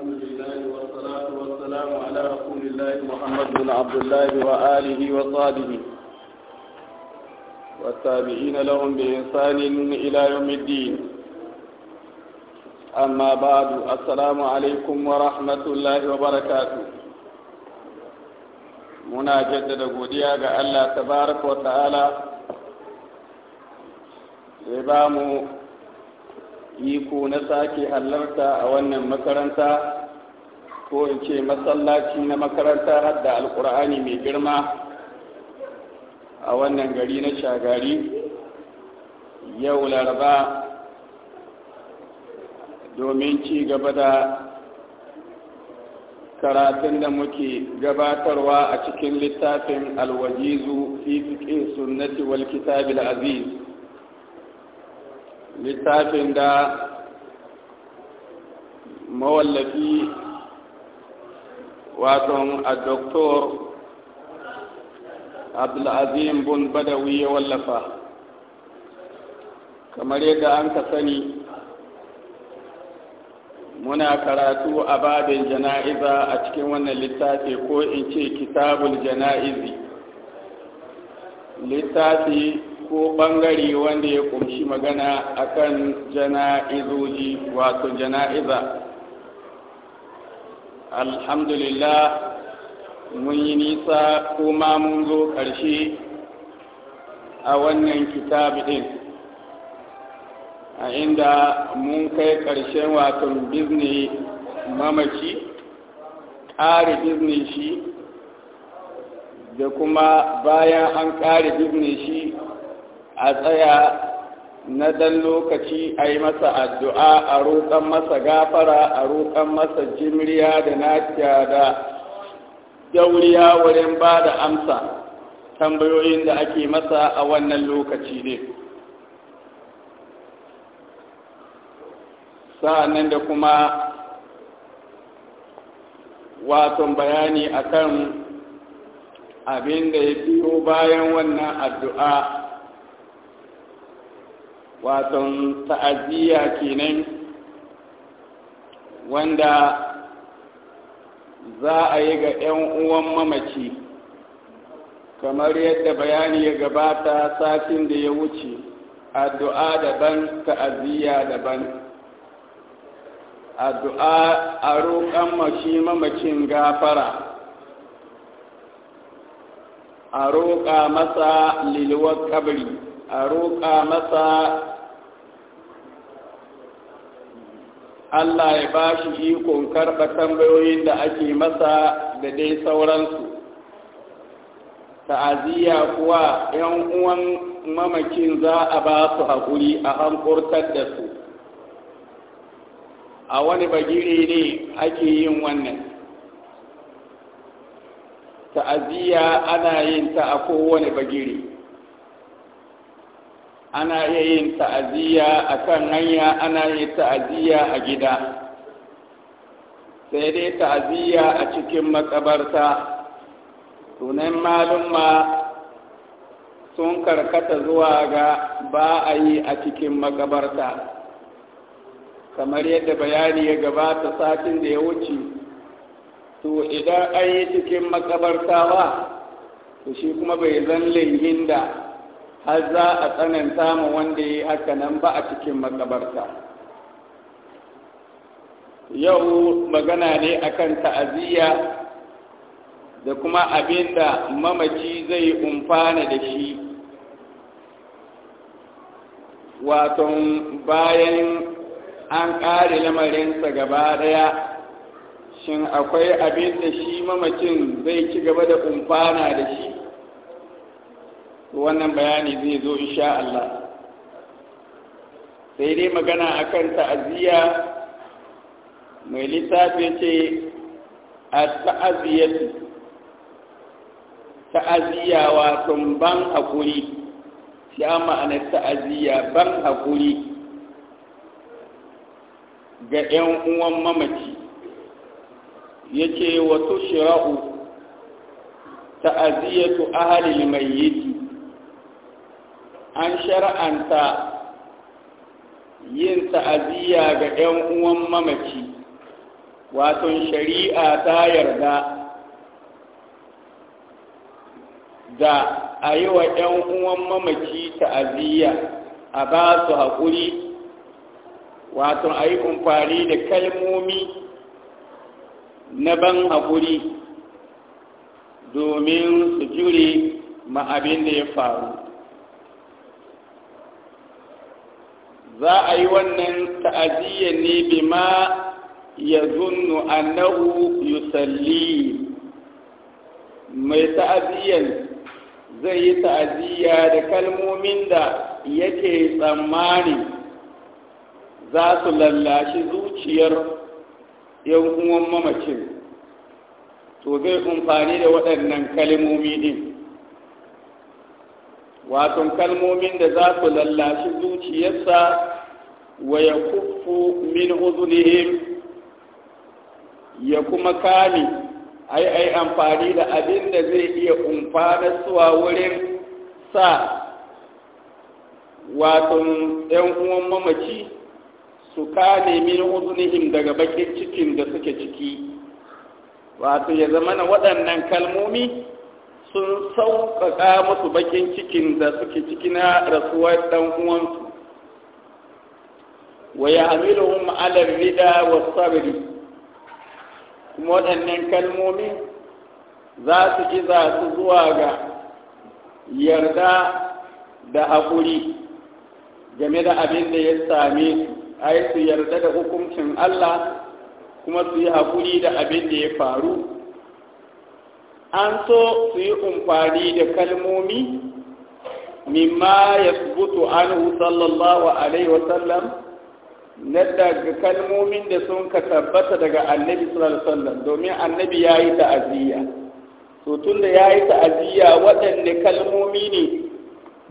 الحمد لله والصلاة والسلام على رسول الله محمد بن عبد الله وآله وصحبه والتابعين لهم بإنسان إلى يوم الدين أما بعد السلام عليكم ورحمة الله وبركاته muna جدد godiya ga Allah tabaraka wa iko na sake halarta a wannan makaranta ko in ce masallaci na makaranta hadda alkur'ani mai girma a wannan gari na shagari yau laraba domin ci gaba da karatun da muke gabatarwa a cikin littafin alwajizu fi fiƙe sunnati wal kitabil aziz littafin da mawallafi waton a doktor abdulazim bun badawi ya wallafa kamar yadda an ka sani muna karatu a babin jana'iza a cikin wannan littafi ko in ce kitabul jana'izi littafi ko ɓangare wanda ya kunshi magana akan jana'izoji wato jana'iza alhamdulillah mun yi nisa kuma mun zo ƙarshe a wannan kitabi ɗin a inda mun kai ƙarshen waton bizni mamaci ƙari bizni shi da kuma bayan an ƙari bizni shi a tsaya na ɗan lokaci a yi masa addu'a a roƙon masa gafara a roƙon masa jimriya da na da dauriya wurin ba da amsa tambayoyin da ake masa a wannan lokaci ne sa’an da kuma waton bayani a kan abin da ya biyo bayan wannan addu'a waton ta'aziya kenan wanda za a yi ga 'yan uwan mamaci kamar yadda bayani ya gabata satin da ya wuce addu'a daban ta'aziyya daban addu'a a roƙon mashi mamacin gafara a roƙa masa lilwar kabari a roƙa masa Allah ya ba shi ikon karɓa tambayoyin da ake masa da dai sauransu ta'aziyya kuwa 'yan uwan mamakin za a ba su haƙuri a hankurtar da su a wani bagire ne ake yin wannan ta'aziyya ana yin ta a kowane bagire ana iya yin ta'aziyya a kan hanya ana yin ta'aziyya a gida sai dai ta'aziyya a cikin makabarta sunan malumma sun karkata zuwa ga ba a yi a cikin makabarta kamar yadda bayani ya gabata satin da ya wuce to idan an yi cikin makabarta ba to shi kuma bai zan lingin da har za a tsananta ma wanda ya yi haka nan ba a cikin makabarta yau magana ne akan ta'aziyya da kuma abin da mamaci zai umfana da shi waton bayan an ƙare lamarinsa gaba ɗaya shin akwai abin da shi mamacin zai ci gaba da umfana da shi wannan bayani zai zo insha Allah sai dai magana akan ta'aziyya mai littafi ce a ta'aziyyatu ta'aziyya wato ban hakuri shi an ma'ana ta'aziyya ban hakuri ga 'yan uwan mamaci ya ce wato shira'u ta'aziyyatu mai mayyiti an shara'anta yin ta'aziyya ga 'yan uwan mamaci wato shari'a ta yarda da a yi wa 'yan uwan mamaci ta'aziyya a ba su haƙuri wato a yi kumfari da kalmomi na ban haƙuri domin su jure ma abin da ya faru za a yi wannan ta'aziyya ne bima ya zunnu annahu yusalli mai ta'aziyyan zai yi ta'aziyya da kalmomin da yake tsammani za su lallashi zuciyar yan uwan mamacin to zai amfani da waɗannan kalmomi din wato kalmomin da za su lallashi zuciyarsa wa ya kufu min uzunihim ya kuma kame ai ai amfani da abin da zai iya umfanar suwa wurin sa wato ‘yan uwan mamaci su kame min uzunihim daga bakin cikin da suke ciki wato ya zama na waɗannan kalmomi sun sauƙaƙa musu bakin cikin da suke ciki na rasuwar ɗan uwansu wa ya hun ala rida wa sabiri kuma waɗannan kalmomi za su za su zuwa ga yarda da haƙuri game da abin da ya same su ai su yarda da hukuncin Allah kuma su yi haƙuri da abin da ya faru an so su yi umfani da kalmomi mimma ya subutu anhu sallallahu alaihi wasallam na daga kalmomin da sun ka tabbata daga annabi sallallahu alaihi wasallam domin annabi ya yi ta'aziyya to tun da ya yi ta'aziyya waɗanne kalmomi ne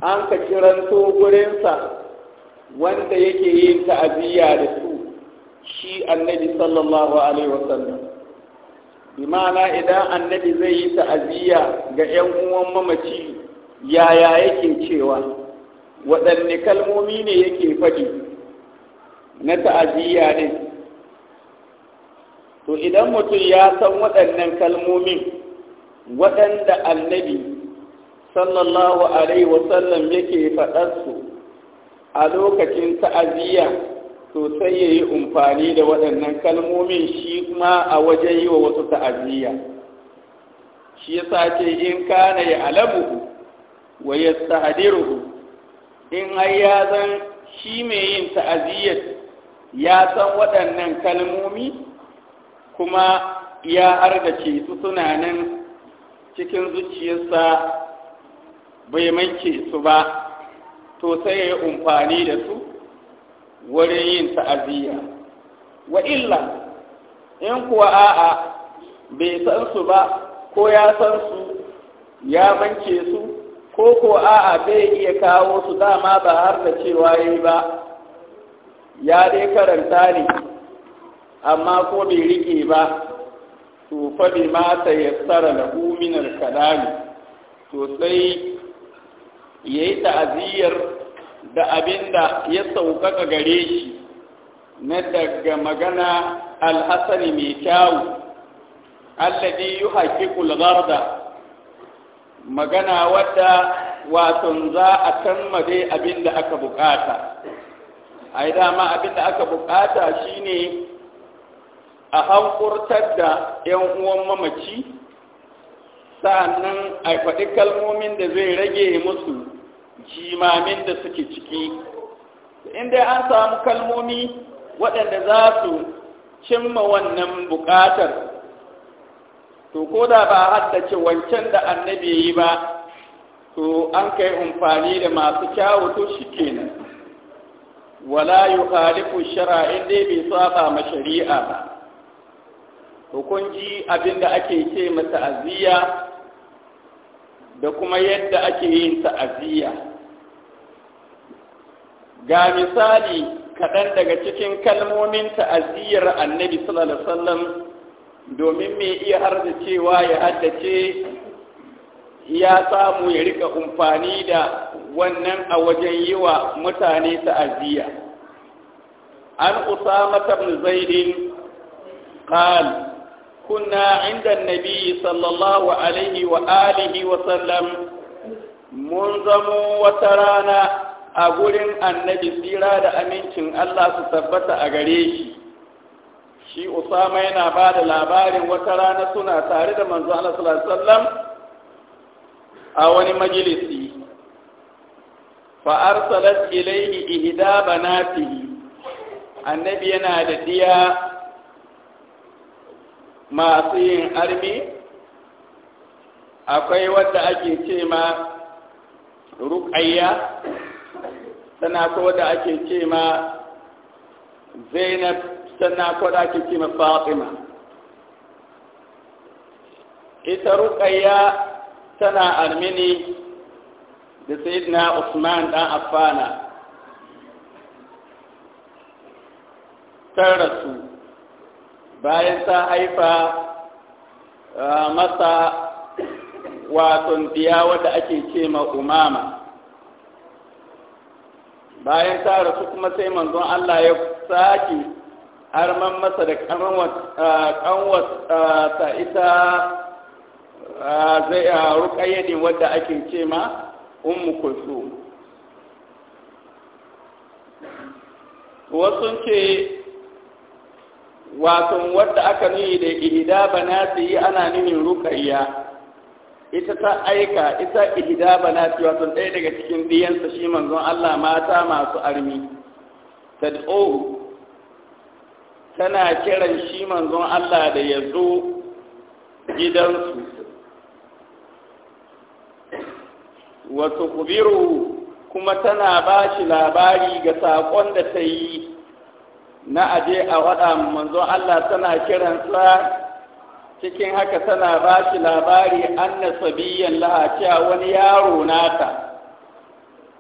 an ka kiranto gurinsa wanda yake yin ta'aziyya da su shi annabi sallallahu alaihi wasallam imana idan annabi zai yi ta'aziyya ga 'yan uwan mamaci yaya yake cewa waɗanne kalmomi ne yake faɗi na ta'aziyya ne to idan mutum ya san waɗannan kalmomin waɗanda annabi sallallahu alaihi wasallam yake faɗarsu a lokacin ta'aziyya to sai ya yi umfani da waɗannan kalmomin shi ma a wajen yi wa wasu ta'aziyya shi ya sace in kana ya alabuhu wa ya sa'adiruhu in ai ya zan shi mai yin ta'aziyyar ya san waɗannan kalmomi kuma ya hargace su suna nan cikin zuciyarsa bai manke su ba to sai ya yi umfani da su wurin yin ta'aziyya wa illa in kuwa a'a bai san su ba ko ya san su ya mance su ko ko a'a bai iya kawo su dama ba har da cewa yi ba ya dai karanta ne amma ko bai rike ba to fa bi ma ta yassara da min al-kalami to sai yayi ta'aziyar da abin da ya sauƙaƙa gare shi na daga magana alhassani mai kyawu alladi yi haƙiƙul garda magana wadda wasan za a tamma dai abin da aka buƙata a yi dama abin da aka buƙata shine a hankurtar da 'yan uwan mamaci sa'annan a faɗi kalmomin da zai rage musu jimamin da suke ciki inda an samu kalmomi waɗanda za su cimma wannan buƙatar to ko da ba haddace wancan da annabi yi ba to an kai umfani da masu kyawu to shi kenan wala yi halifu shara'in dai bai saba ma shari'a ba to kun ji abin da ake ce ma ta'aziyya da kuma yadda ake yin ta'aziyya ga misali kaɗan daga cikin kalmomin ta'aziyyar annabi sallallahu domin mai iya cewa ya haddace ya samu ya rika umfani da wannan a wajen yi wa mutane ta'aziyya an usama ibn zaidin qal كنا Sallallahu alaihi صلى الله عليه mun zamo wata rana. a gurin annabi tsira da amincin Allah su tabbata a gare shi shi usama yana ba da labarin wata rana suna tare da manzo Allah a wani majalisi fa arsalat ilayhi ihda banatihi annabi yana da diya masu yin armi akwai wadda ake ce ma ruk'ayya sannan akwai wadda ake ce ma zainab sannan akwai wadda ake ce ma fatima ita ruƙayya tana armini da sayyidina usman dan affana ta su bayan ta haifa ah, masa waton biya wadda ake ce ma umama bayan ta rasu kuma sai manzon Allah ya sake harman masa da kanwata ita zai a rukayya ne wadda ake ce ma ummu kulsu wasu ce wato wadda aka nuni da ihida yi ana nuni rukayya ita ta aika ita ihda banati wato ɗaya daga cikin diyansa shi manzon Allah mata masu armi tad'u tana kiran shi manzon Allah da ya zo gidansu wato kubiru kuma tana ba shi labari ga saƙon da ta yi na aje a waɗa manzon Allah tana kiransa cikin haka tana ba shi labari anna sabiyan laha wani yaro nata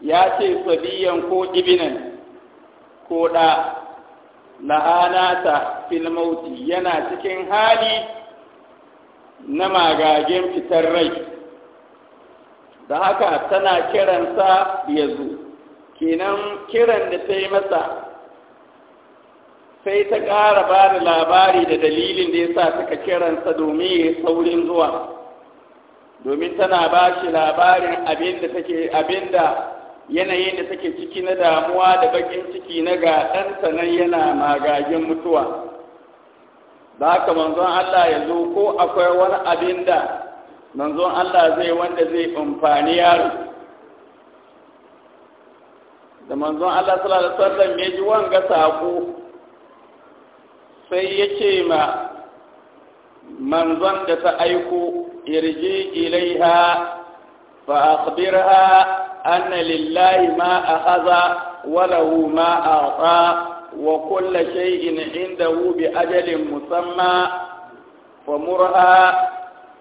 ya ce sabiyan ko ibinan ko da la'anata filmauti yana cikin hali na magagen fitar rai da haka tana kiransa ya zo kenan kiran da ta yi masa sai ta ƙara ba da labari da dalilin da ya sa suka kiransa domin ya saurin zuwa domin tana ba shi labarin abin da take yanayin da take ciki na damuwa da bakin ciki na ga ɗansa nan yana magagin mutuwa ba haka manzon Allah ya zo ko akwai wani abin da manzon Allah zai wanda zai amfani yaro da manzon Allah sallallahu alaihi wasallam ya ji wanga sako sai ya ce ma manzon da ta aiko irji ilaiha fa akhbirha anna lillahi ma akhadha wa lahu ma a'ta wa kullu shay'in indahu bi ajalin musamma fa murha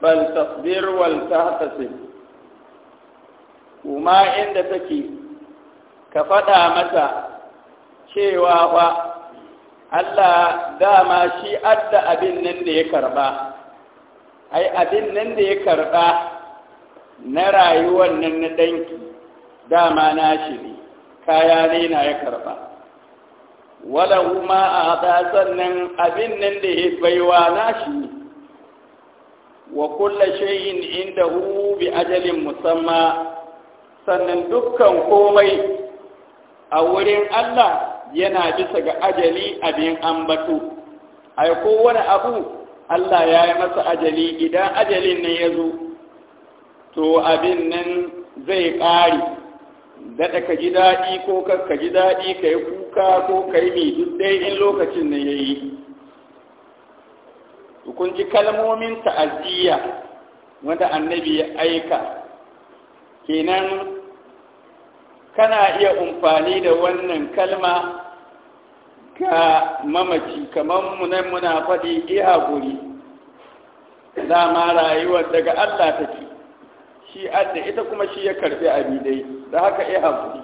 bal tasbir wal tahtasib kuma inda take ka faɗa mata cewa fa Allah dama shi adda abin nan da ya karba ai abin nan da ya karba na rayuwar nan na danki dama na shi ne kaya ne na ya karba wala kuma a haɗa sannan abin nan da ya baiwa na shi ne wa kulla shayin inda hu bi ajalin musamma sannan dukkan komai a wurin Allah yana bisa ga ajali abin ambato ai kowane abu Allah ya yi masa ajali idan ajalin nan ya zo to abin nan zai ƙari daɗa ka ji daɗi ko ka ji daɗi ka yi kuka ko ka yi duk dai in lokacin nan ya yi kun ji kalmomin ta'aziyya wanda annabi ya aika kenan kana iya umfani da wannan kalma ga mamaci kamar munan muna faɗi iya guri dama rayuwar daga Allah take shi adda ita kuma shi ya karbi abidai da haka iya guri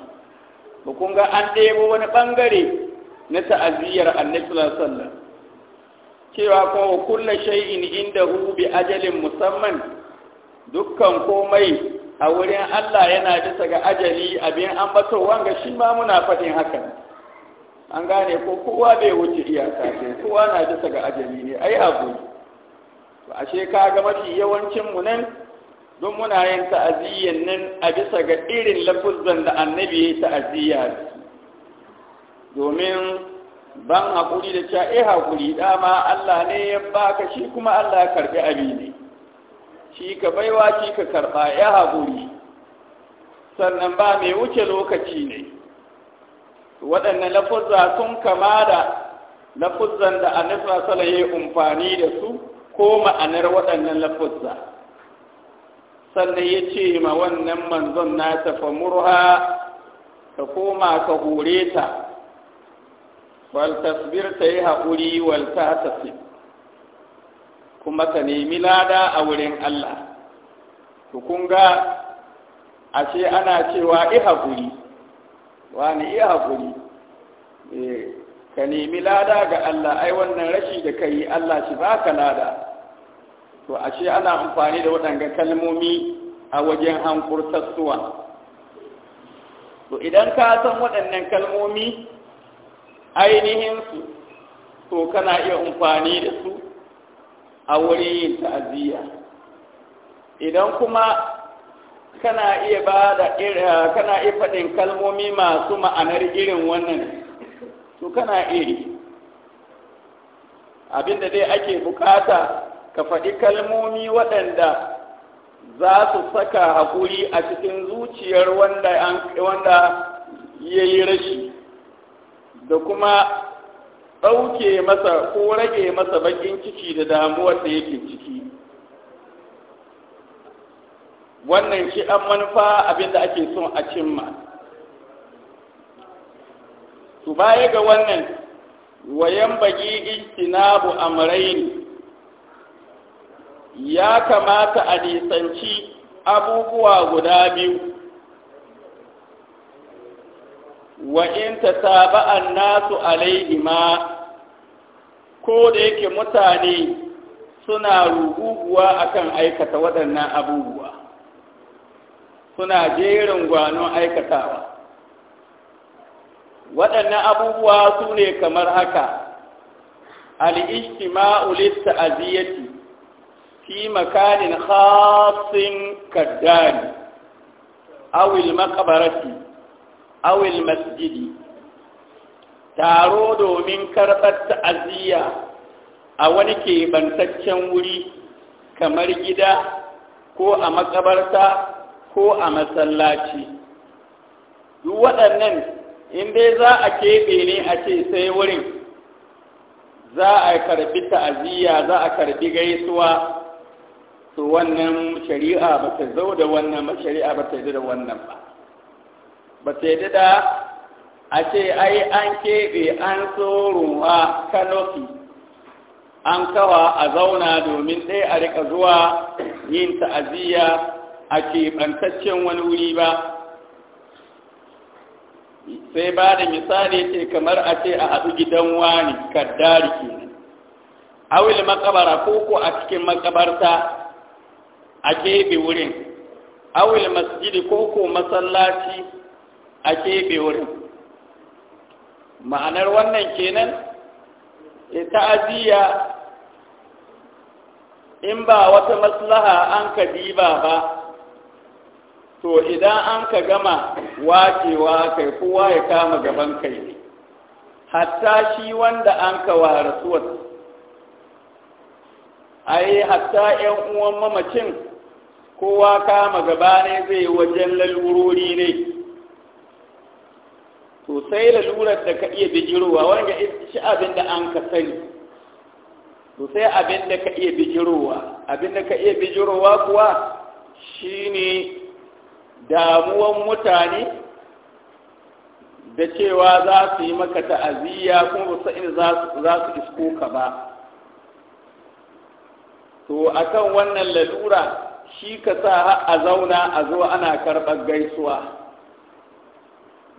ba kun ga an ɗebo wani ɓangare na ta'aziyyar annabi sallallahu cewa kuma kullu shay'in hu bi ajalin musamman dukkan komai a wurin Allah yana bisa ga ajali abin ambato wanga shi ma muna faɗin haka? an gane ko kowa bai wuce iyaka sai kowa na bisa ga ajali ne ai abu ashe ka ga mafi yawancin mu nan don muna yin ta'aziyyan nan a bisa ga irin lafuzzan da annabi ya ta'aziyya domin ban hakuri da cewa eh hakuri dama Allah ne ya baka shi kuma Allah ya karbi abin ne shi ka baiwa shi ka karɓa ya haƙuri sannan ba mai wuce lokaci ne waɗannan lafuzza sun kama da lafuzzan da annabi sallallahu ya umfani da su ko ma'anar waɗannan lafuzza sannan ya ce ma wannan manzon na tafa murha ka koma ka hore ta wal tasbir ta yi haƙuri wal ta tasbir kuma ka nemi lada a wurin Allah to kun ga ashe ana cewa i haƙuri wani i haƙuri eh, ka nemi lada ga Allah ai wannan rashi da ka yi Allah shi ba ka lada to ashe ana amfani da waɗanga kalmomi a wajen hankurtattuwa to idan ka san waɗannan kalmomi ainihinsu to kana iya amfani da su a wurin yin ta'aziyya idan kuma kana iya ba da eh, kana iya faɗin kalmomi masu ma'anar irin wannan to kana iri abinda dai ake bukata ka faɗi kalmomi waɗanda za su saka haƙuri a cikin zuciyar wanda ya yi rashi da kuma ɗauke masa ko rage masa baƙin ciki da damuwar da yake ciki wannan shi an manufa abinda ake son a cimma Su baya ga wannan wayan bagi ijtinabu amrayn ya kamata a nisanci abubuwa guda biyu wa in tataba'an nasu alaihima ko da yake mutane suna ruguguwa akan aikata waɗannan abubuwa suna jerin gwanon aikatawa waɗannan abubuwa su ne kamar haka al'ishtima'u litta'aziyyati fi makanin khasin kaddani awil makabarati awil masjidi taro domin karɓar ta'aziyya a wani keɓantaccen wuri kamar gida ko a makabarta ko a masallaci duk waɗannan in dai za a keɓe ne a ce sai wurin za a karɓi ta'aziyya za a karɓi gaisuwa to wannan shari'a ba ta zo da wannan shari'a ba ta yi da wannan ba ba ta yi da a ce ai an keɓe an so ruwa kanofi an kawa a zauna domin ɗaya a rika zuwa yin ta'aziyya a keɓantaccen wani wuri ba sai ba da misali ce kamar a ce a haɗu gidan wani kaddari ke awil makabara ko ko a cikin makabarta a keɓe wurin awil masjidi ko ko masallaci a keɓe wurin ma'anar wannan kenan eh, ta'aziyya in ba wata maslaha an ka diba ba to idan an ka gama wacewa kai kowa ya kama gaban kai ne hatta shi wanda an ka wa A ai hatta yan uwan mamacin kowa kama gaba ne zai wajen lalurori ne to sai lalurar da ka iya bijirowa wanda shi abin da an ka sani to sai abin da ka iya bijirowa abin da ka iya bijirowa kuwa shi ne damuwan mutane da cewa za su yi maka ta'aziyya kuma ba sa'in za su isko ka ba to akan wannan lalura shi ka sa a zauna a zo ana karɓar gaisuwa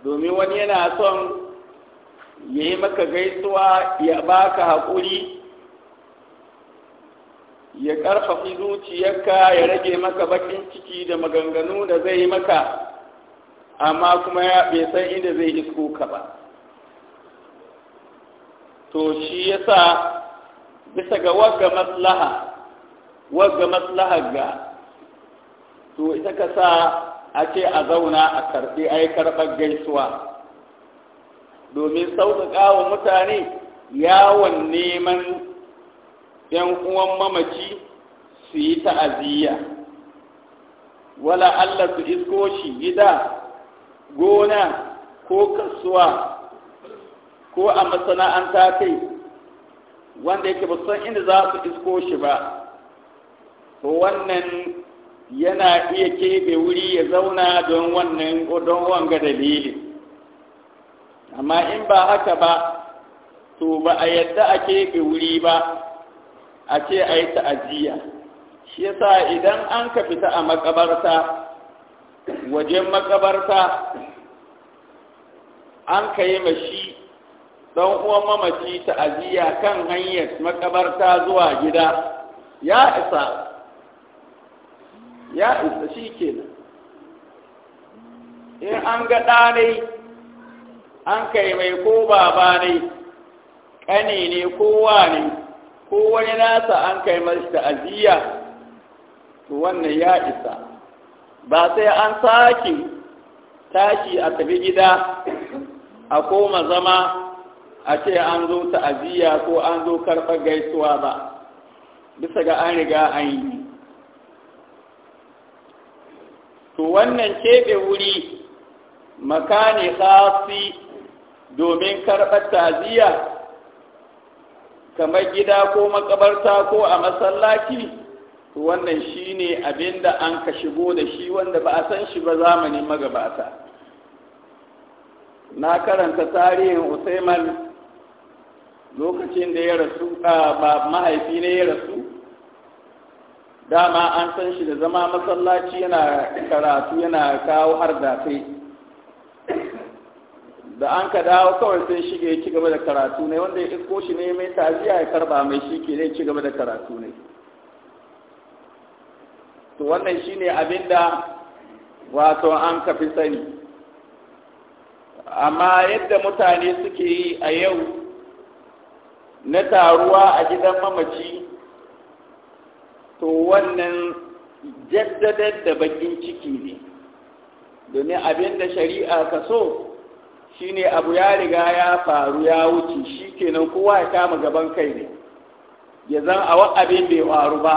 domin wani yana son ya yi maka gaisuwa ya baka haƙuri ya ƙarfafi zuciyarka ya rage maka bakin ciki da maganganu da zai yi maka amma kuma ya bai san inda zai isko ka ba to shi yasa bisa ga wagga maslaha wagga maslaha ga to ita ka sa ake a zauna a karɓi yi karɓar gaisuwa domin sauƙaƙa wa mutane yawon neman ‘yan uwan mamaci su yi ta'aziyya wala Allah su isko shi gida gona ko kasuwa ko a masana'anta kai wanda yake ba san inda za su isko shi ba to wannan yana iya keɓe wuri ya zauna don wannan don wanga dalili amma in ba haka ba to ba a yadda a keɓe wuri ba a ce a yi ta'aziyya shi yasa idan an ka fita a makabarta wajen makabarta an ka yi mashi don uwan mamaci ta'aziyya kan hanyar makabarta zuwa gida ya isa ya isa shi kenan in an ga ne an kai mai ko baba ne ƙane ne kowa ne ko wani nasa an kai mashi ta'aziyya to wannan ya isa ba sai an sake tashi a tafi gida a koma zama a ce an zo ta'aziyya ko an zo karɓar gaisuwa ba bisa ga an riga an yi to wannan keɓe wuri makani khasi domin karɓar taziya kamar gida ko makabarta ko a masallaci to wannan shine abin da an ka shigo da shi wanda ba a san shi ba zamanin magabata na karanta tarihin usaiman lokacin da ya rasu ba mahaifi ne ya rasu dama an san shi da zama masallaci yana karatu yana kawo har da kai da an ka dawo kawai sai shige ya ci gaba da karatu ne wanda ya isko shi ne mai taziya ya karba mai shi ke ci gaba da karatu ne to wannan shine abinda wato an ka fi sani amma yadda mutane suke yi a yau na taruwa a gidan mamaci to wannan jaddadar da bakin ciki ne domin abin da shari'a ka so shine abu ya riga ya faru ya wuce shi kenan kowa ya kama gaban kai ne ya zan a abin bai faru ba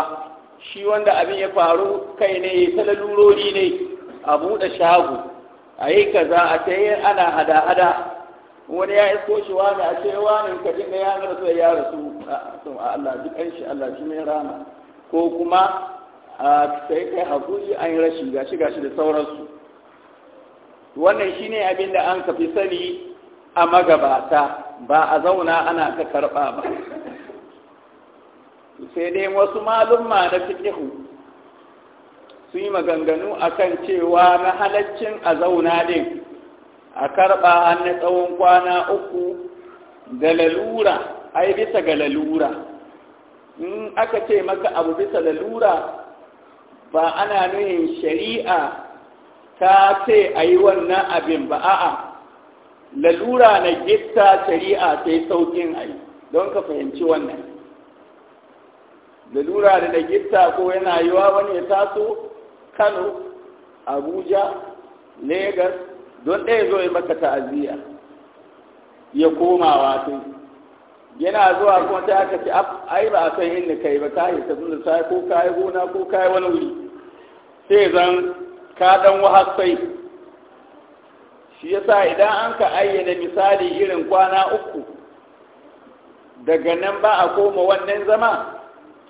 shi wanda abin ya faru kai ne ya ta lalurori ne a buɗe shago a yi kaza a ta yi ana hada-hada wani ya isko shi wani a ce wani kadin da ya rasu ya rasu a Allah duk an shi Allah shi mai rana ko kuma a sai kai hakuri an yi rashi gashi gashi da sauransu wannan shine abin da an kafi sani a magabata ba a zauna ana ta karɓa ba sai dai wasu malumma na fiƙihu su yi maganganu a kan cewa na halaccin a zauna ɗin a karɓa na tsawon kwana uku da lalura ai bisa ga lalura in aka ce maka abu bisa lalura ba ana nuhin shari'a ta ce a yi wannan abin ba a'a lalura na gitta shari'a ta yi saukin a don ka fahimci wannan lalura da na ko yana yiwa wani ya taso kano abuja Legas, don ɗaya zo ya maka ta'aziyya ya koma wato yana zuwa kuma ta aka ce ai ba a san inda kai ba ka yi tafi da ko ka yi gona ko ka yi wani wuri sai zan ka dan wahasai shi yasa idan an ka ayyana misali irin kwana uku daga nan ba a koma wannan zama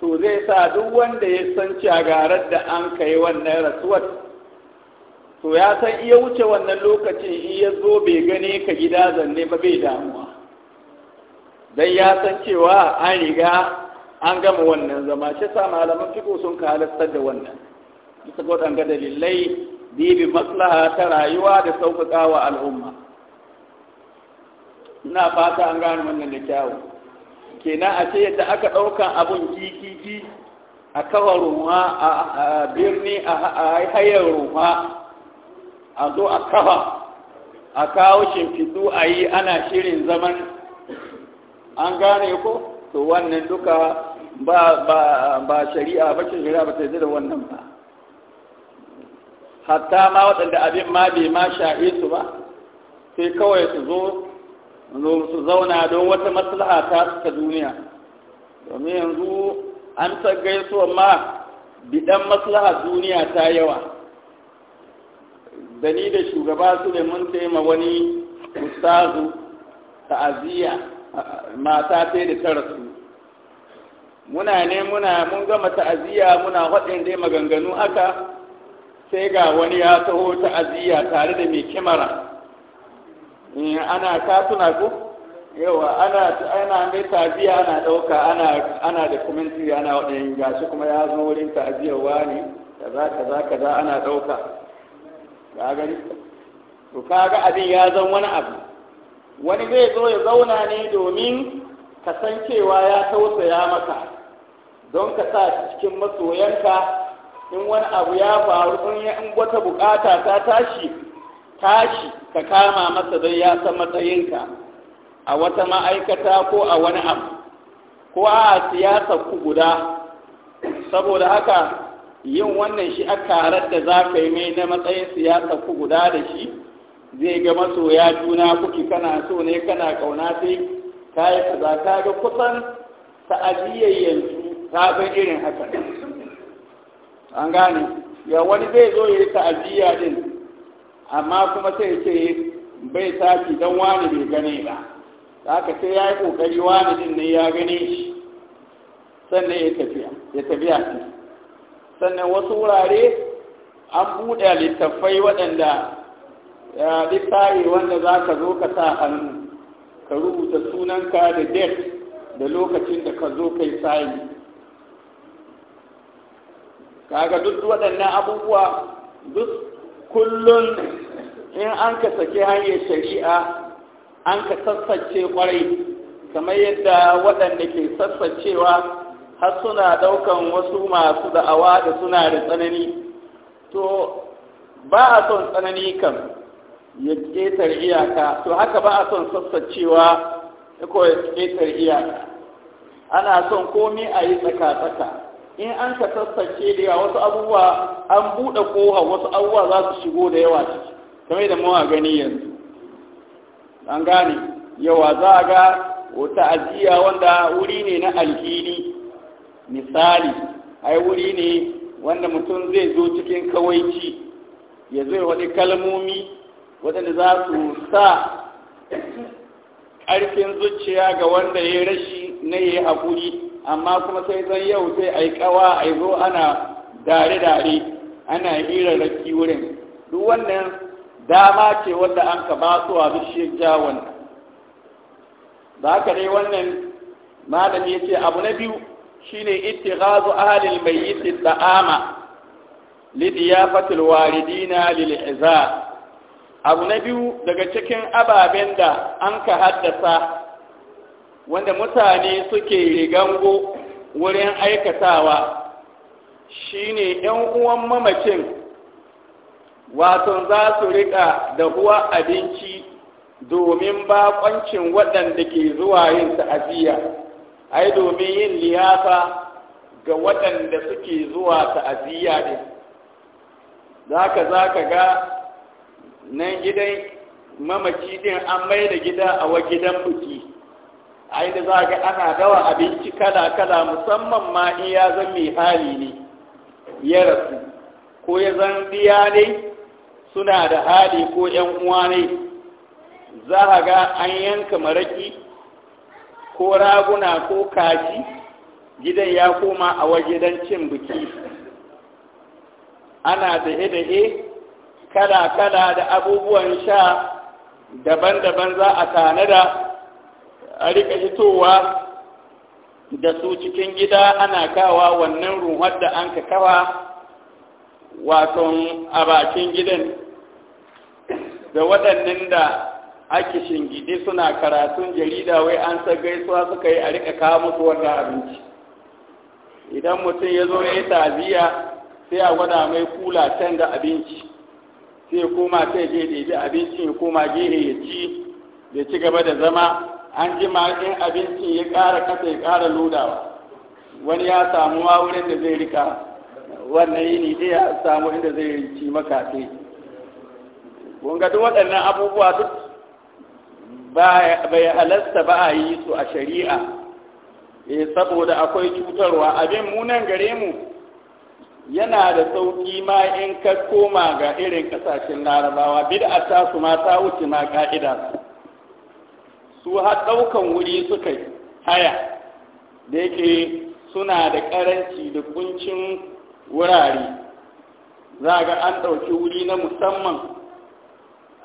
to zai sa duk wanda ya san cagarar da an kai wannan rasuwar to ya san iya wuce wannan lokacin iya zo bai gane ka gida zanne ba bai damuwa dan ya san cewa an riga an gama wannan zama shi sa malaman fiko sun ka da wannan bisa ga dalilai bibi maslaha ta rayuwa da sauƙaƙa wa al'umma ina fata an gane wannan da kyawu kenan a ce yadda aka ɗauka abun kikiki a kawa ruwa a birni a hayar ruwa a zo a kawa a kawo shimfiɗu a yi ana shirin zaman an gane ko to wannan duka ba ba ba shari'a ba ce shari'a ba ta yi da wannan ba hatta ma waɗanda abin ma bai ma sha'i su ba sai kawai su zo su zauna don wata maslaha ta ta duniya domin yanzu an ta gaisu ma bidan maslaha duniya ta yawa da ni da shugaba su ne mun taima wani ustazu ta'aziyya mata sai da tara su muna ne muna mun gama ta'aziyya muna waɗin dai maganganu aka sai ga wani ya taho ta'aziyya tare da mai kimara eh, ana katuna ku? yawa ana ana mai ta'aziyya ana ɗauka ana ana da kuminti ana waɗin gashi kuma ya zo wurin ta'aziyyar wani kaza kaza kaza ana ɗauka ka gani to kaga abin ya zan wani abu wani zai zo ya zauna ne domin kasancewa ya tausaya maka don ka sa cikin masoyanka in wani abu ya faru in wata bukata ta tashi tashi ka kama masa don ya san matsayinka a wata ma'aikata ko a wani abu ko a siyasa ku guda saboda haka yin wannan shi a karar da za ka yi mai na matsayin siyasa ku guda da shi zai ga masoya juna kuki kana so ne kana kauna sai ka yi kaza ka ga kusan ta'adiyyar yanzu ta zai irin haka an gane ya wani zai zo ya yi ta'aziyya din amma kuma sai ce bai sati don wani bai gane ba haka sai ya yi kokari wani din ne ya gane shi sannan ya tafiya ya tafiya sannan wasu wurare an buɗe littattafai waɗanda Eh, ya littafi wanda za ka zo ka sa hannu ka rubuta sunanka da date da lokacin da ka zo kai sayi kaga duk waɗannan abubuwa duk kullum in an ka sake hanyar shari'a an ka sassace kwarai kamar yadda waɗanda ke sassacewa har suna ɗaukan wasu masu da'awa da suna da tsanani to ba a son tsanani kan ya ƙetar iyaka to haka ba a son sassacewa ko ya ƙetar iyaka ana son komi a yi tsaka-tsaka in an ka sassace da wasu abubuwa an buɗe koha wasu abubuwa za su shigo da yawa ciki kamar da mawa gani yanzu an gane yawa za a ga wata ajiya wanda wuri ne na alhini misali ai wuri ne wanda mutum zai zo cikin kawaici ya zai wani kalmomi waɗanda za su sa ƙarfin zuciya ga wanda ya rashi na yi haƙuri amma kuma sai zan yau sai a yi ƙawa a yi zo ana dare-dare ana hirarraki wurin duk wannan dama ce wanda an ka ba su a bishiyar jawon ba ka dai wannan Malam ya ce abu na biyu shine ittighazu ahlil mai da'ama lidiyafatil waridina lil izar abu na biyu daga cikin ababen da an ka haddasa wanda mutane suke rigango wurin aikatawa shine ‘yan uwan mamacin wasan za su riƙa da huwa abinci domin baƙoncin waɗanda ke zuwa yin ta'aziyya ai domin yin liyafa ga waɗanda suke zuwa ta'aziyya ne za ka za ka ga nan gidan mamaci din an mai da gida a wa gidan buki a da za ga ana dawa abinci kala-kala musamman ma in ya zan mai hali ne ya rasu ko ya zan biya ne suna da hali ko yan uwa ne za a ga an yanka maraki ko raguna ko kaji gidan ya koma a wa gidan cin biki ana da dahe kala-kala da abubuwan sha daban-daban za a tanada a rika hitowa da su cikin gida ana kawa wannan ruhar da an ka kawa waton a bakin gidan da waɗannan da ake shingide suna karatun jarida wai an san gaisuwa suka yi a rika kawo musu wannan abinci idan mutum ya zo ya yi taziya sai a gwada mai kula can da abinci sai koma sai je ɗebi abincin ya koma gehe ya ci ya ci gaba da zama an ji in abincin ya ƙara kasa ya ƙara lodawa wani ya samu ma wurin da zai rika wannan yini ne ya samu inda zai ci maka sai kun duk waɗannan abubuwa duk bai halasta ba a yi su a shari'a E saboda akwai cutarwa abin munan gare mu yana da sauƙi ma in ka koma ga irin ƙasashen larabawa bid'a ta su ma ta wuce ma ka'ida su har ɗaukan wuri suka haya da yake suna da ƙaranci da kuncin wurare za ga an ɗauki wuri na musamman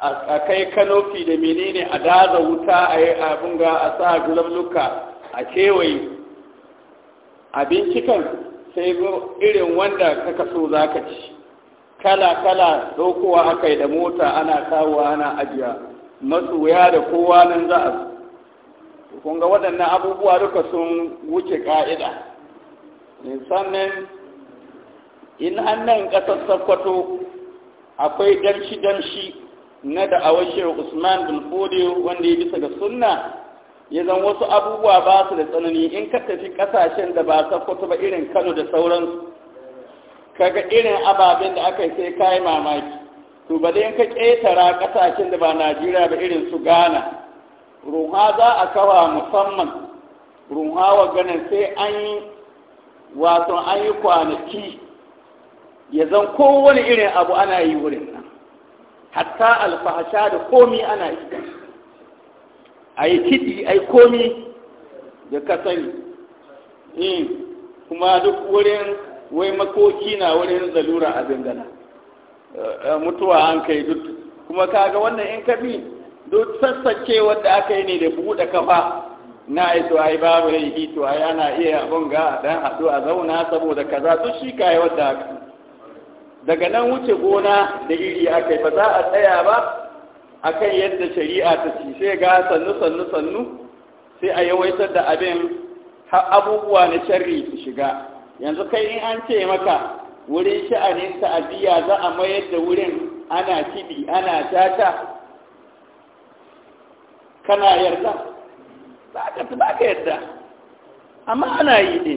a kai kanofi da menene a daza wuta a yi abin ga a sa gulabluka a kewaye a bincikan sai irin wanda kaka so za ka ci kala-kala dokowa aka yi da mota ana kawowa ana ajiya masoya da kowa nan za a su ga waɗannan abubuwa duka sun wuce ƙa'ida sannan in nan ƙasar sakwato akwai damshi-damshi na da washe usman bin wanda ya bisa ga sunna ya zan wasu abubuwa ba su da tsanani in ka tafi kasashen da ba kwato ba irin kano da sauransu kaga irin ababen da aka yi sai kayi mamaki to ba dai ka ƙetara kasashen da ba najeriya ba irin su ghana ruha za a kawa musamman ruha wa ganin sai an yi wato an yi kwanaki ya zan kowane irin abu ana yi wurin nan hatta alfahasha da komi ana yi a yi kiɗi a yi komi da ka sani hmm. kuma duk wurin wai makoki na wurin zalura abin gana eh, eh, mutuwa an kai duk kuma kaga wannan in ka bi duk sassake wanda aka yi ne da buɗe kafa na yi to ai babu laifi hito ai ana iya abin ga dan haɗu a zauna saboda kaza duk shi kayi wanda daga nan wuce gona da iri aka yi ba za a tsaya ba akan yadda shari'a ta ci sai ga sannu sannu sannu sai a yawaitar da abin har abubuwa na sharri su shiga yanzu kai in an ce maka wurin sha'anin ta'aziyya za a mayar da wurin ana kibi ana tata kana yarda ba ka yarda amma ana yi ne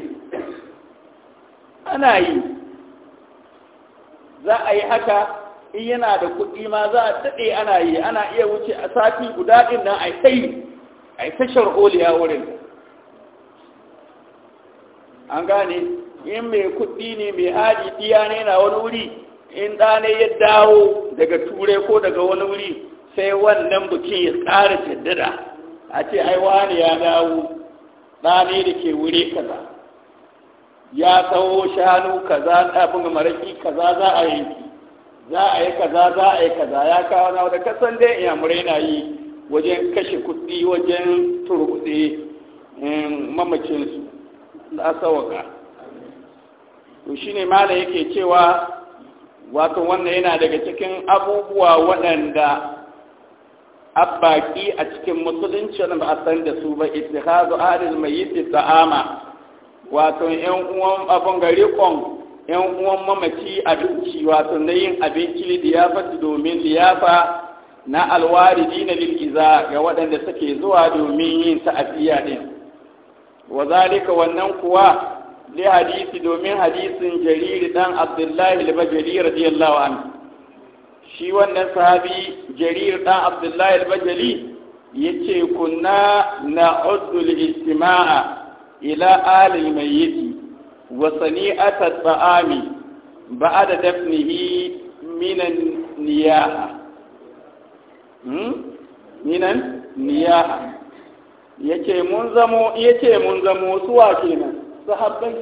ana yi za a yi haka in yana da kuɗi ma za a daɗe ana yi ana iya wuce a sati guda ɗin nan a sai a tashar oliya wurin an gane in mai kuɗi ne mai hali diya ne na wani wuri in ɗane ya dawo daga Turai ko daga wani wuri sai wannan bikin ya ƙara jaddada a ce ai wani ya dawo ɗane da ke wuri kaza ya tsawo shanu kaza ɗafin maraki kaza za a yanki za a yi kaza za a yi kaza ya kawo na da kasan dai iyamurai na yi wajen kashe kuɗi wajen turkuɗe mamacinsu da asawaka to shine mala yake cewa wato wannan yana daga cikin abubuwa waɗanda abbaki a cikin musulunci ba a san da su ba ittihazu mai yi ta'ama wato yan uwan abin gari kwan yan uwan mamaci abinci wato na yin abinci liyafati domin liyafa na alwaridi na lil'iza ga waɗanda suke zuwa domin yin ta'afiya din wa zalika wannan kuwa li hadisi domin hadisin jariri dan abdullahi al-bajali radiyallahu anhu shi wannan sahabi jariri dan abdullahi al-bajali yace kunna na al-istima'a ila alil mayyiti Wasani a wa sani'ata ta'ami ba'da dafnihi minan niyaha hmm? minan niyaha yace mun zamo yace mun zamo suwa kenan sahabbai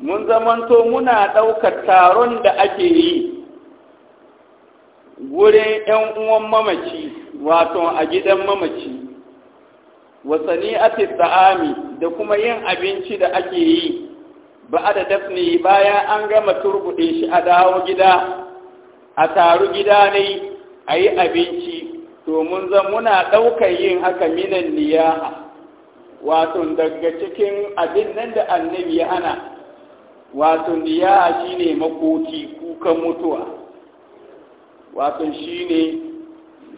mun zamanto muna ɗaukar taron da ake yi wurin 'yan uwan mamaci wato a gidan mamaci wa sani'ati ta'ami da kuma yin abinci da ake yi ba da dafni bayan an gama turbuɗe shi a dawo gida a taru gida ne a yi abinci domin zan muna ɗaukar yin haka minan niyaha wato daga cikin abin nan da annabi ya ana wato niyaha shine makoki kukan mutuwa wato shine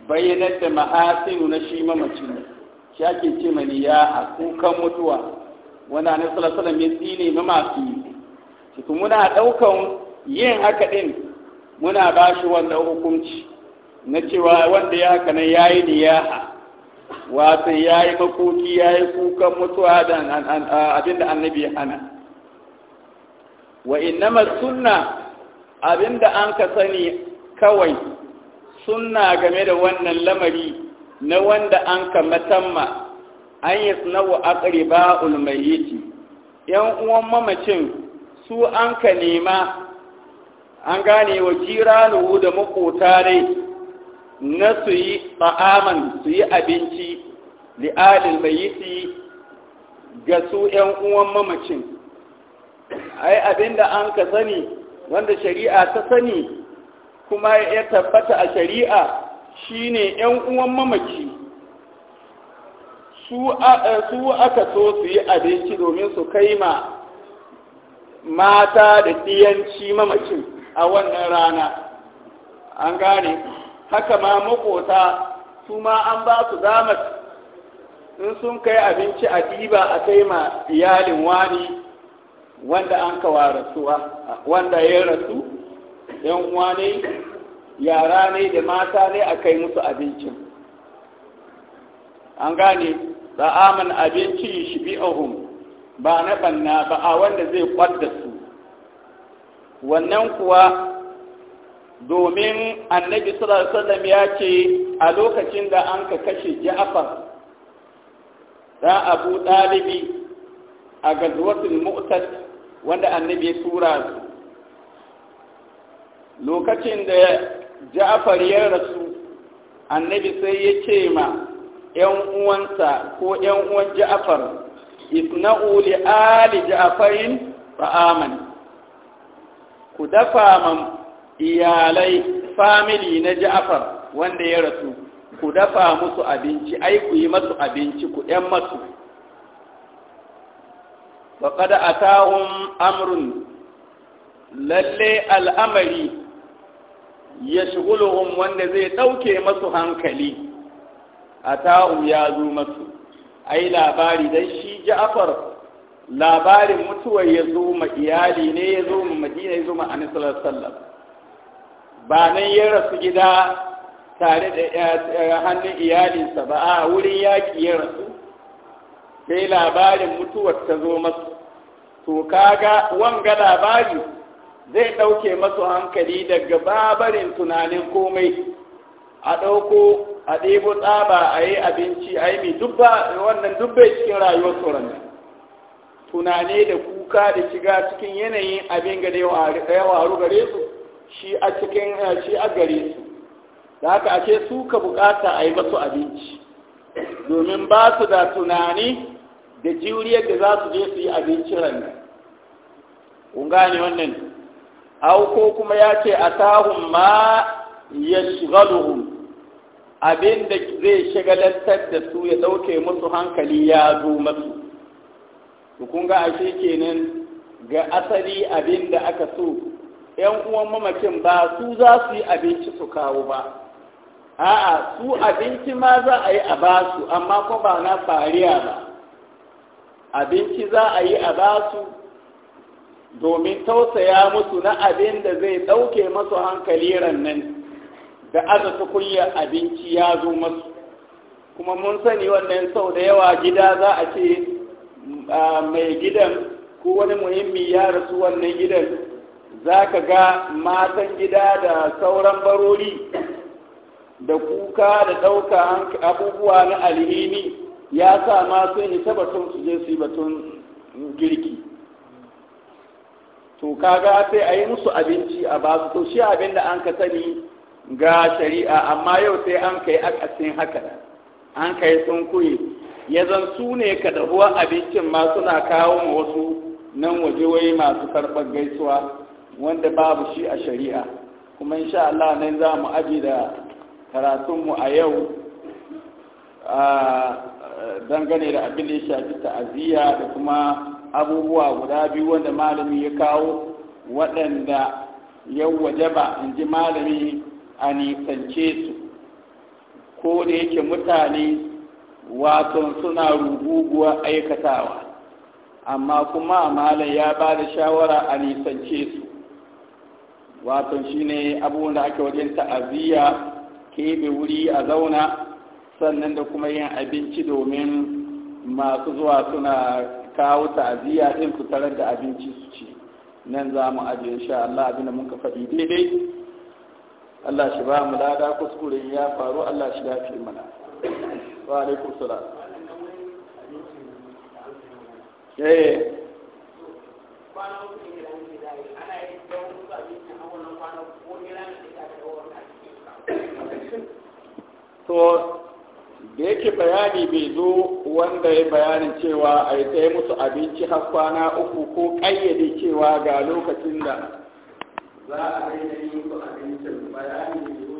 bayyanar da ma'asinu na shi mamacin shi ake ce mani ya a kukan mutuwa wanda na sallallahu ya tsine ma masu yi cikin muna ɗaukan yin haka ɗin muna ba shi wannan hukunci na cewa wanda ya haka nan ya yi niyaha wato ya yi makoki ya yi kukan mutuwa da abinda annabi ya hana wa innama sunna abinda an ka sani kawai sunna game da wannan lamari na wanda an matamma an yi sinawa akariba ulmayiti ‘yan uwan mamacin su an ka nema an gane wa jiranu da makota dai na su yi tsa'aman su yi abinci li'alil mayiti ga su ‘yan uwan mamacin ai abinda an ka sani wanda shari'a ta sani kuma ya tabbata a shari'a shine ‘yan uwan mamaki eh, su aka so su yi abinci domin su kai ma mata da ɗiyanci mamacin a wannan rana an gane haka ma makota su ma an ba su damar in sun kai abinci a ɗiba a kai ma iyalin wani wanda an kawo rasuwa wanda ya rasu ‘yan uwa ne yara ne da mata ne a kai musu abincin an gane tsa'aman abinci shi bi'ahum ba na banna ba a wanda zai kwadda su wannan kuwa domin annabi sallallahu ya ce a lokacin da an ka kashe ja'far da abu ɗalibi a gazwatul mu'tad wanda annabi ya tura su lokacin da ja'far ya rasu annabi sai ya ce ma ‘yan uwansa ko ‘yan uwan Jafar. isna'u li ali ba Amani. ku dafa ma iyalai famili na Jafar wanda ya rasu ku dafa musu abinci ai ku yi masu abinci ku ‘yan masu Ba kada a amrun amurin lalle al'amari ya shiguluhun wanda zai ɗauke masu hankali a ta'um ya zo masu ai labari don shi ja'afar labarin mutuwar ya zo ma iyali ne ya zo ma madina ya zo ma anisalar sallar ba nan ya rasu gida tare da eh, eh, hannun iyalinsa ba a wurin yaƙi ya rasu sai labarin mutuwar ta zo masu to kaga wanga labari zai ɗauke masu hankali daga babarin tunanin komai a ɗauko a ɗebo tsaba a yi abinci a yi mai dubba wannan dubbe cikin rayuwar tsoron tunane da kuka da shiga cikin yanayin abin ga ya waru gare su shi a cikin shi a gare su da haka ake su ka bukata a yi masu abinci domin ba su da tunani da juriyar da za su je su yi abinci ranar ƙunga ne wannan au ko kuma ya ce tahun ma yashghaluhum abin da zai shagalantar da su ya ɗauke musu hankali ya zo masu kun ga ashe kenan ga asali abin da aka so ‘yan uwan mamakin ba su za su yi abinci su kawo ba a'a su abinci ma za a yi a ba su amma ko ba na fariya ba abinci za a yi a ba su domin tausaya musu na abin da zai ɗauke masu hankali rannan da aza tukunya abinci ya zo masu kuma mun sani wannan sau da yawa gida za a ce mai gidan ko wani muhimmi ya rasu wannan gidan za ka ga matan gida da sauran barori da kuka da ɗauka abubuwa na alhini ya sa ma sun yi batun su je su yi batun girki to kaga sai a yi musu abinci a ba su to shi abin da an ka sani ga shari'a amma yau sai an ka yi akasin haka an yi sun kuyi ya zan su ne ka dahuwa abincin ma suna kawo ma wasu nan waje wai masu karɓar gaisuwa wanda babu shi a shari'a kuma insha Allah nan za mu aji da karatunmu a yau dangane da abin da ya shafi ta'aziyya da kuma abubuwa guda biyu wanda malami ya kawo waɗanda ya wajaba in ji malami a nisance su ko da yake mutane wato suna ruguguwa aikatawa amma kuma malam ya ba da shawara a nisance su wato shine abubuwan da ake wajen ta'aziyya keɓe wuri a zauna sannan da kuma yin abinci domin masu zuwa suna kawo ta'aziyya din ku tarar da abinci su ci nan za mu ajiye insha Allah abin da ka faɗi daidai Allah shi ba mu lada kuskure ya faru Allah shi yafi mana wa alaikum salam eh to da yake bayani bai zo wanda ya bayanin cewa a yi tsaye musu abinci har kwana uku ko ƙayyade cewa ga lokacin da za a yi musu abincin bayani